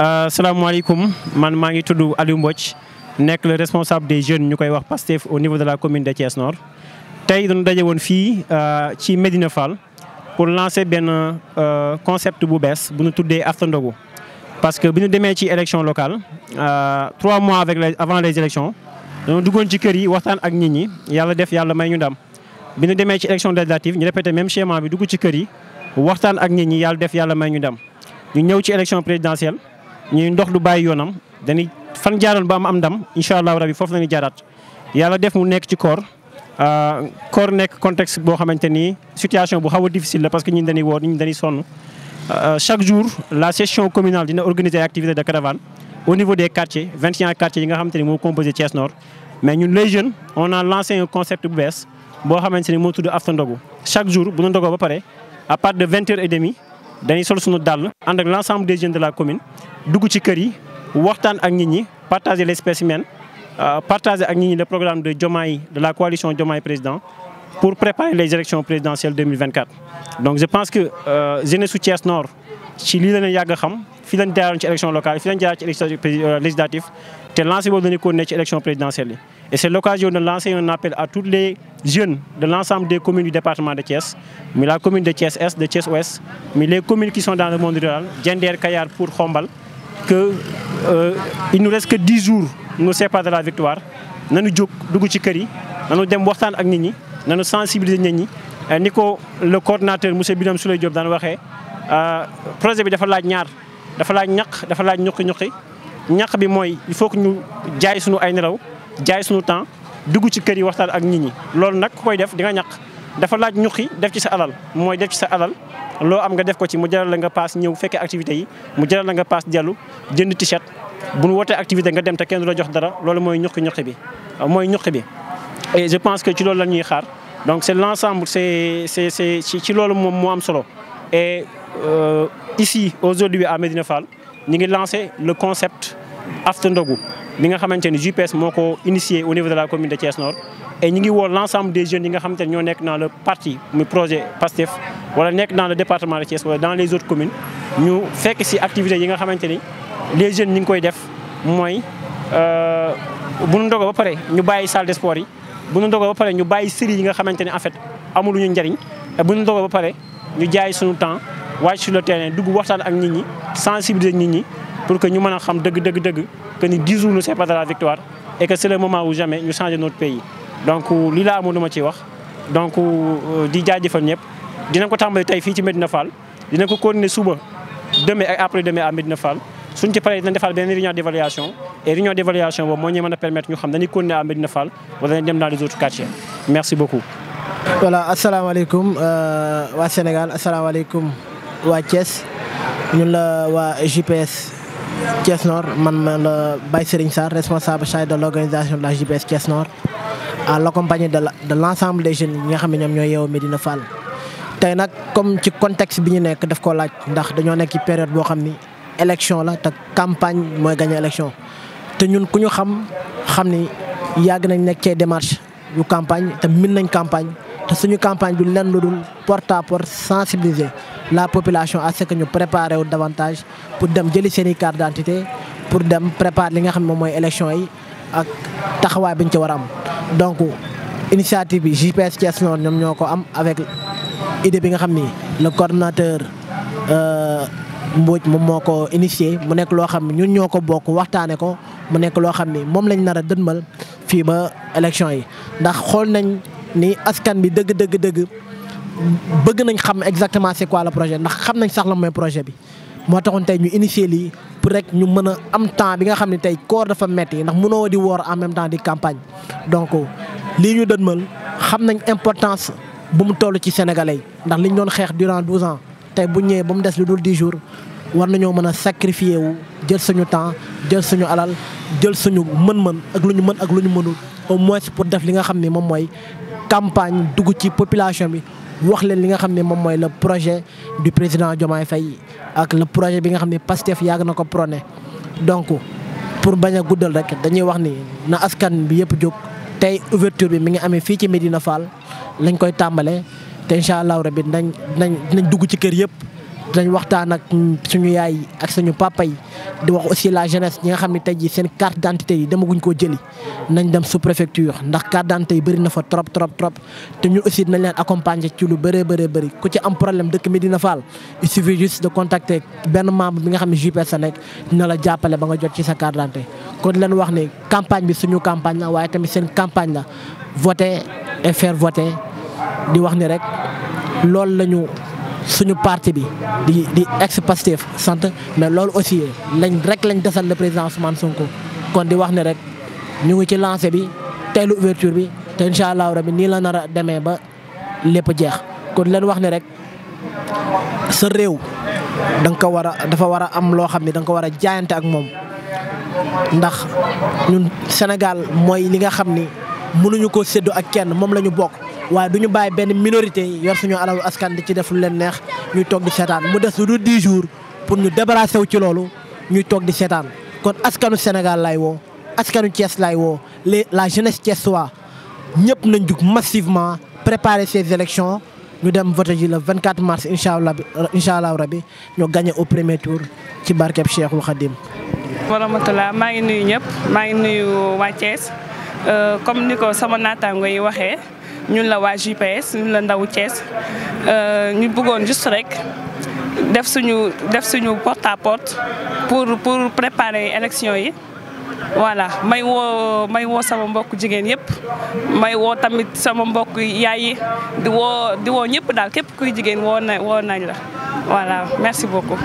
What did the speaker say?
Euh, salaamaaleykum man maa ngi tudd Aliou Mbodj nekk le responsable des jeunes ñu koy wax PASTEF au niveau de la commune de Thiès Nord. tey dañu daje woon fii euh, ci médina Fall pour lancer benn euh, concept bu bees bu ñu tuddee After Ndogou. parce que bi ñu demee ci élection locale trois mois avec les avant les élections dañoo duggoon ci kër yi waxtaan ak nit ñi yàlla def yàlla may ñu ndam bi nu demee ci élection législative ñu répété même schéma bi dugg ci kër yi waxtaan ak nit ñi yàlla def yàlla may ñu ndam ñu ñëw ci élection présidentielle. ñuy ndox du bàyyi yoonam dañuy fan jaaroon ba am am ndam incha allah rabi foofu la ñuy jaaraat yàlla def mu nekk ci koor euh, koor nekk contexte boo xamante ni situation bu xaw a difficile la parce que ñun dañuy woo ñun dañuy sonn euh, chaque jour la session communale dina organiser ay activités de caravane au niveau des quartiers yi nga xam xamante ni moo composé Thiès Nord. mais ñun les jeunes on a lancé un concept bu bees boo xamante ni moo tudd after ndogu chaque jour bu ñu ba pare à partir de 20 heures et demie la commune. dugg ci kër yi waxtaan ak nit ñi partager les spécimens euh, partager ak nit ñi le programme de Diomaye de la coalition Diomaye président pour préparer les élections présidentielles 2024. donc je pense que euh, jeunesse su Thiès Nord ci lii la leen yàgg xam fi lañ jaaroon ci élection locale fi lañ jaar ci élection euh, législative te lancé boobu dañu ko ne ci élection présidentielle et c'est l'occasion de lancer un appel à tous les jeunes de l'ensemble des commune de Thiès Est que euh, il nous reste que dix jours nous séparent de la victoire nañu jóg dugg ci kër yi nañu dem waxtaan ak nit ñi nañu sensibiliser nit ñi. Euh, ni ko le coordonnateur monsieur su lay Diop daan waxee euh, projet bi dafa laaj ñaar dafa laaj ñaq dafa laaj ñuqi-ñuqi ñaq bi mooy il faut que ñu jaay suñu ay nelaw jaay suñu temps dugg ci kër yi waxtaan ak nit ñi loolu nag ku koy def di nga ñaq dafa laaj ñuqi def ci sa alal mooy def ci sa alal. loolu am nga def ko ci mu jaral la nga paas ñëw fekkee activité yi mu jaral la nga paas dellu jënd t-shirt bu ñu wootee activité nga dem te kenn du la jox dara loolu mooy ñuqi ñuqi bi mooy ñuqi bi et je pense que ci loolu la ñuy xaar donc c' est l' ensemble c' est loolu moom moo am solo et euh, ici aujourd'hui à Médina Fall ñu ngi lancé le concept after ndogu bi nga xamante ni JPS moo ko initié au niveau de la commune de Thiès Nord et ñu ngi woo l' nga xamante ne ñoo nekk dans le parti muy projet PASTEF wala nekk dans le département de Thiès wala dans les autres communes ñu fekk si activités yi nga xamante ni les jeunes ñi ngi koy def mooy euh, bu ñu ndogoo ba pare ñu bàyyi salle de sport yi bu ñu ndogoo ba pare ñu bàyyi série yi nga xamante ni en fait amuluñu njariñ te bu ñu ndogoo ba pare ñu jaay suñu temps wàcc sur le terrain dugg waxtaan ak nit ñi sensibiliser nit ñi pour que ñu mën a xam dëgg dëgg dëgg que ni 10 jours c'est de la victoire et que c'est le moment où jamais ñu donc euh, li laa amoon ma ciy wax donc euh, di jaajëfal ñëpp. dina ko tàmbali tey fii ci Medina Fall dina ko continuer suba demain demee après demain à Medina Fall suñ ci paree dinañ defaat benn réunion d'évaluation et réunion d'évaluation boobu moo ñu mën a permettre ñu xam dañuy continuer à Medina Fall wala dañuy dem dans les autres quartiers merci beaucoup. voilà asalaamaaleykum euh, waa Sénégal asalaamaaleykum waa Thiès ñun la waa GPS Thiès man ma la Baye Serigne Sarr responsable chargé de l'organisation de la GPS Thiès Nord en l'accompagnement de l'ensemble des jeunes yi nga xam ne ñoom ñooy yeewoo Medina tey nag comme ci contexte bi ñu nekk def ko laaj ndax dañoo nekk ci période boo xam ni élection la te campagne mooy gagné élection te ñun ku ñu xam xam ni yàgg nañ nekk ci démarche yu campagne te min nañ campagne te suñu campagne bi lenn lu dul porte porte sensibiliser la population à ce ñu préparer wu davantage pour dem jëli seen i carte d'identité pour dem préparer li nga xam ne moom mooy élection yi ak taxawaay bi ñu ci war a am donc initiative GPS Thiès noonu idée bi nga xam ni le coordonnateur euh, Mbodj moom moo ko initié mu nekk loo xam ñun ñoo ko bokk waxtaanee ko mu nekk loo xam ni moom lañ nar a dënmal fii ba élection yi ndax xool nañ ni askan bi dëgg dëgg dëgg bëgg nañ xam exactement c'est quoi le projet ndax xam nañ sax la mooy projet bi. moo taxoon tey ñu initier lii pour rek ñu mën a am temps bi nga xam ne tey koor dafa metti ndax mënoo di woor en même temps di campagne donc lii ñu dënmal xam nañ importance. bu mu toll ci sénégalais ndax liñ doon xeex durant 12 ans tey bu ñëwee ba mu des lu dul 10 jour war nañoo mën a sacrifier jël suñu temps jël suñu alal jël suñu mën-mën ak lu ñu mën ak lu ñu mënul au moins pour def li nga xam ne moom mooy campagne dugg ci population bi wax leen li nga xam ne moom mooy la projet du président Diomaye Faye ak le projet bi nga xam ne Pastef yàgg na ko prôné donc pour bañ a guddal rek dañuy wax ni na askan bi yëpp jóg tey ouverture bi mi ngi amee fii ci Medina lañ koy tàmbale te incha allahu rabi nañ dinañ dinañ dugg ci kër yëpp. dinañ waxtaan ak suñu yaay ak suñu papa yi di wax aussi la jeunesse ñi nga xam ne tey jii seen carte d'identité yi demaguñ koo jëli nañ dem sous préfecture ndax carte d'identité yi bëri na fa trop trop trop te ñu aussi dinañ leen accompagner ci lu bëree bëree bëri ku ci am problème dëkk Médina Fall il suffit juste de contacter benn membre bi nga xam ne JPS sa nekk dina la jàppale ba nga jot ci sa carte d'identité leen wax ne campagne bi suñu campagne waaye tamit seen campagne la voté et faire voter di wax ni rek loolu lañu suñu partie bi di di ex sant mais loolu aussi lañ rek lañ desal le président Ousmane Sonko kon di wax ni rek ñu ngi ci lancé bi teelu ouverture bi te incha allahu bi nii la nar a demee ba lépp jeex kon leen wax ni rek sa réew da nga ko war a dafa war a am loo xam ne da nga ko war a jaayante ak moom ndax ñun Sénégal mooy li nga xam ni mënuñu ko séddu ak kenn moom la ñu bokk waaye du ñu bàyyi benn minorité yor suñu alalu askan di ci def lu leen neex ñuy toog di seetaan mu des lu dul 10 jours pour ñu débarrassé wu ci loolu ñuy toog di seetaan kon askanu Sénégal lay woo askanu cees lay woo les la jeunesse thiessoise ñëpp nañ jug massivement préparer ces élections ñu dem voté ji le 24 mars incha allah incha allah rabi ñu gagné au premier tour ci barkeb Cheikhul Khadim. wa rahmatulah maa ngi nuyu waa Thiès Euh, comme ni ko sama naataango yi waxee ñun la waa gps ñun la ndawu Thiès euh, ñu bëggoon juste rek def suñu def suñu porte à porte pour pour préparer élection yi voilà may woo may woo sama mbokk jigéen yëpp may woo tamit sama mbokk yaay yi di woo di woo ñëpp daal képp kuy jigéen woo na woo nañ la voilà merci beaucoup